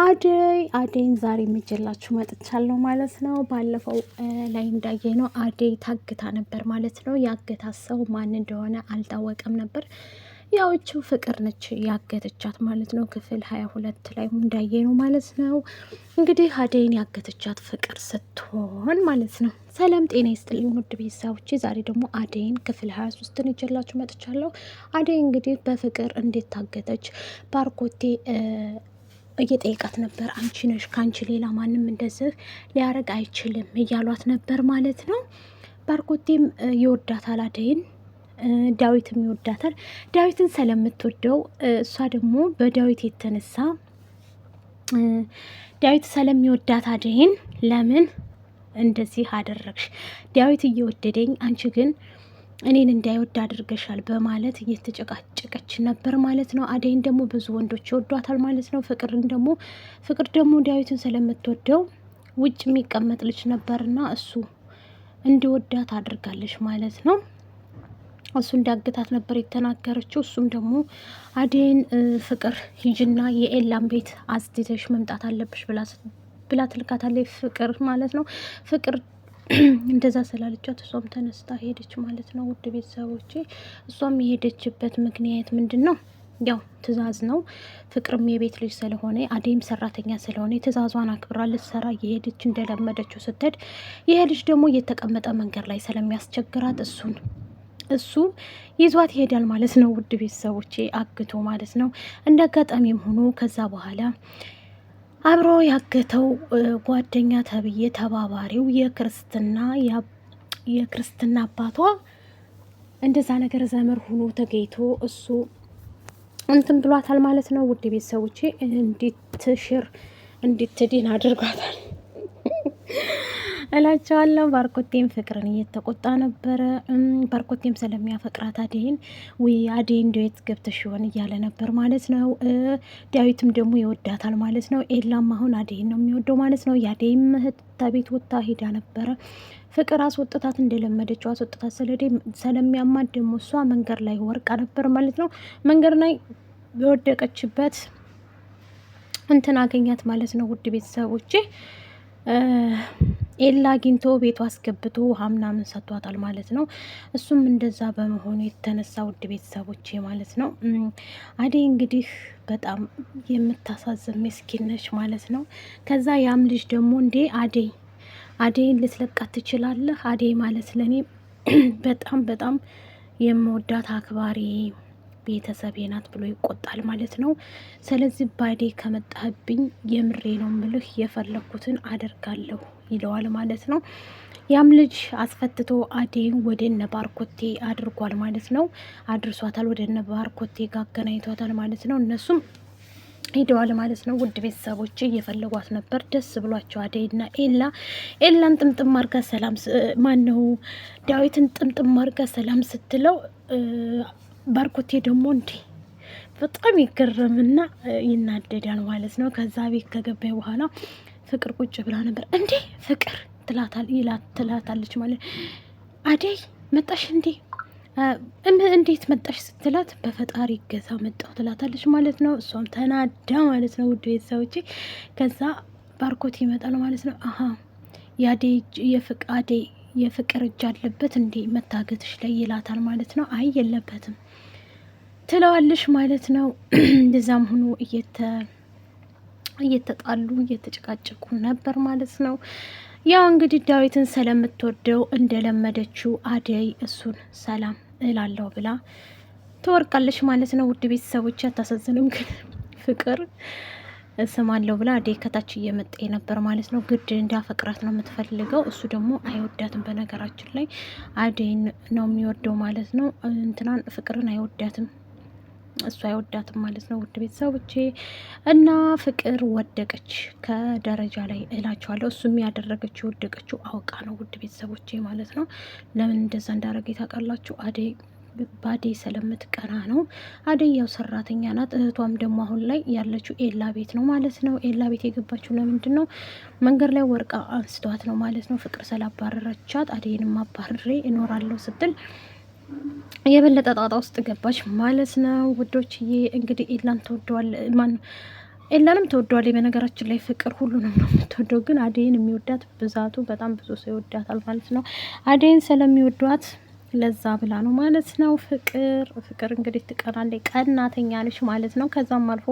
አደይ አደይን ዛሬ የምጀላችሁ መጥቻለሁ ማለት ነው። ባለፈው ላይ እንዳየ ነው አደይ ታግታ ነበር ማለት ነው። ያገታት ሰው ማን እንደሆነ አልታወቀም ነበር። ያዎችው ፍቅር ነች ያገተቻት ማለት ነው። ክፍል ሀያ ሁለት ላይ እንዳየ ነው ማለት ነው። እንግዲህ አደይን ያገተቻት ፍቅር ስትሆን ማለት ነው። ሰላም ጤና ይስጥልኝ ውድ ቤተሰቦች፣ ዛሬ ደግሞ አደይን ክፍል ሀያ ሶስትን ይዤላችሁ መጥቻለሁ። አደይ እንግዲህ በፍቅር እንዴት ታገተች ባርኮቴ እየጠየቃት ነበር። አንቺ ነሽ ከአንቺ ሌላ ማንም እንደዚህ ሊያረግ አይችልም እያሏት ነበር ማለት ነው። ባርኮቴም ይወዳታል አደይን፣ ዳዊትም ይወዳታል። ዳዊትን ስለምትወደው እሷ ደግሞ በዳዊት የተነሳ ዳዊት ስለሚወዳት አደይን ለምን እንደዚህ አደረግሽ? ዳዊት እየወደደኝ አንቺ ግን እኔን እንዳይወድ አድርገሻል በማለት እየተጨቃጨቀች ነበር ማለት ነው። አደይን ደግሞ ብዙ ወንዶች ይወዷታል ማለት ነው። ፍቅርን ደግሞ ፍቅር ደግሞ ዳዊትን ስለምትወደው ውጭ የሚቀመጥ ልጅ ነበርና እሱ እንዲወዳት አድርጋለች ማለት ነው። እሱ እንዳግታት ነበር የተናገረችው። እሱም ደግሞ አደይን ፍቅር ሂጅና የኤላም ቤት አጽድተሽ መምጣት አለብሽ ብላ ትልካታለች ፍቅር ማለት ነው። ፍቅር እንደዛ ስላለቻት እሷም ተነስታ ሄደች ማለት ነው። ውድ ቤተሰቦቼ እሷም የሄደችበት ምክንያት ምንድን ነው? ያው ትዕዛዝ ነው። ፍቅርም የቤት ልጅ ስለሆነ አደይም ሰራተኛ ስለሆነ ትዕዛዟን አክብራ ልትሰራ የሄደች እንደለመደችው ስትሄድ ይሄ ልጅ ደግሞ እየተቀመጠ መንገድ ላይ ስለሚያስቸግራት እሱን እሱ ይዟት ይሄዳል ማለት ነው። ውድ ቤተሰቦቼ አግቶ ማለት ነው። እንደ አጋጣሚም ሆኖ ከዛ በኋላ አብሮ ያገተው ጓደኛ ተብዬ ተባባሪው የክርስትና የክርስትና አባቷ እንደዛ ነገር ዘመር ሆኖ ተገኝቶ እሱ እንትን ብሏታል ማለት ነው። ውድ ቤተሰቦቼ እንድትሽር እንድትድን አድርጓታል። እላቸዋለሁ። ባርኮቴም ፍቅርን እየተቆጣ ነበረ። ባርኮቴም ስለሚያፈቅራት አዴይን ውይ አዴይ እንዴት ገብተሽ ይሆን እያለ ነበር ማለት ነው። ዳዊትም ደግሞ ይወዳታል ማለት ነው። ኤላም አሁን አዴይን ነው የሚወደው ማለት ነው። የአዴይም እህት ቤት ወጥታ ሄዳ ነበረ ፍቅር አስወጥታት እንደለመደችው አስወጥታት ስለዴ ስለሚያማት ደግሞ እሷ መንገድ ላይ ወርቃ ነበር ማለት ነው። መንገድ ላይ የወደቀችበት እንትን አገኛት ማለት ነው። ውድ ቤተሰቦቼ ኤላ አግኝቶ ቤቱ አስገብቶ ውሃ ምናምን ሰጥቷታል ማለት ነው። እሱም እንደዛ በመሆኑ የተነሳ ውድ ቤተሰቦች ማለት ነው አዴ እንግዲህ በጣም የምታሳዝን ምስኪን ነች ማለት ነው። ከዛ ያም ልጅ ደግሞ እንዴ አዴ አደይን ልትለቃት ትችላለህ? አዴ ማለት ለእኔ በጣም በጣም የምወዳት አክባሪ ቤተሰቤ ናት ብሎ ይቆጣል ማለት ነው። ስለዚህ ባዴ ከመጣህብኝ የምሬ ነው ምልህ የፈለግኩትን አደርጋለሁ ይለዋል ማለት ነው። ያም ልጅ አስፈትቶ አዴን ወደ እነ ባርኮቴ አድርጓል ማለት ነው። አድርሷታል፣ ወደ እነ ባርኮቴ ጋር አገናኝቷታል ማለት ነው። እነሱም ሄደዋል ማለት ነው። ውድ ቤተሰቦች እየፈለጓት ነበር፣ ደስ ብሏቸው አደይና ኤላ ኤላን ጥምጥም አርጋ ሰላም ማነው ዳዊትን ጥምጥም አርጋ ሰላም ስትለው ባርኮቴ ደግሞ እንዴ በጣም ይገረምና ይናደዳል ማለት ነው። ከዛ ቤት ከገባ በኋላ ፍቅር ቁጭ ብላ ነበር። እንዴ ፍቅር ትላታለች ማለት አደይ መጣሽ እንዴ እንዴት መጣሽ ስትላት በፈጣሪ ገዛ መጣሁ ትላታለች ማለት ነው። እሷም ተናዳ ማለት ነው። ውድ ቤተሰቦች። ከዛ ባርኮት ይመጣል ማለት ነው። አሀ የአደይ የፍቅ አዴ የፍቅር እጅ አለበት እንዴ መታገትሽ ላይ ይላታል ማለት ነው። አይ የለበትም ትለዋለሽ ማለት ነው። እንደዛም ሆኖ እየተጣሉ እየተጨቃጨቁ ነበር ማለት ነው። ያው እንግዲህ ዳዊትን ስለምትወደው እንደለመደችው አደይ እሱን ሰላም እላለሁ ብላ ትወርቃለች ማለት ነው። ውድ ቤተሰቦች አታሳዝንም ግን ፍቅር እሰማለሁ ብላ አዴ ከታች እየመጣ ነበር ማለት ነው። ግድ እንዲያፈቅራት ነው የምትፈልገው። እሱ ደግሞ አይወዳትም። በነገራችን ላይ አዴን ነው የሚወደው ማለት ነው። እንትናን ፍቅርን አይወዳትም፣ እሱ አይወዳትም ማለት ነው። ውድ ቤተሰቦቼ እና ፍቅር ወደቀች ከደረጃ ላይ እላቸዋለሁ። እሱም ያደረገችው የወደቀችው አውቃ ነው። ውድ ቤተሰቦቼ ማለት ነው። ለምን እንደዛ እንዳደረገ ታውቃላችሁ አዴ ባዴ ስለምትቀና ነው። አደይ ያው ሰራተኛ ናት። እህቷም ደግሞ አሁን ላይ ያለችው ኤላ ቤት ነው ማለት ነው። ኤላ ቤት የገባችው ለምንድን ነው? መንገድ ላይ ወርቃ አንስተዋት ነው ማለት ነው። ፍቅር ስላባረረቻት አደይንም አባርሬ እኖራለሁ ስትል የበለጠ ጣጣ ውስጥ ገባች ማለት ነው። ውዶችዬ እንግዲህ ኤላን ተወደዋል ማን ኤላንም ተወደዋል። በነገራችን ላይ ፍቅር ሁሉንም ነው የምትወደው፣ ግን አደይን የሚወዳት ብዛቱ በጣም ብዙ ሰው ይወዳታል ማለት ነው። አደይን ስለሚወዷት ለዛ ብላ ነው ማለት ነው። ፍቅር ፍቅር እንግዲህ ትቀናለች፣ ቀናተኛ ነች ማለት ነው። ከዛም አልፎ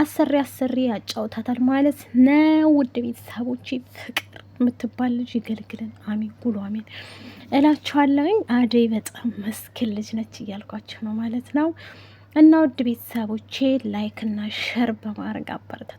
አሰሪ አሰሪ ያጫውታታል ማለት ነው። ውድ ቤተሰቦች ፍቅር የምትባል ልጅ ይገልግልን፣ አሚን ጉሉ አሚን እላችኋለሁኝ። አደይ በጣም መስክል ልጅ ነች እያልኳቸው ነው ማለት ነው። እና ውድ ቤተሰቦቼ ላይክ እና ሸር በማድረግ አበረታ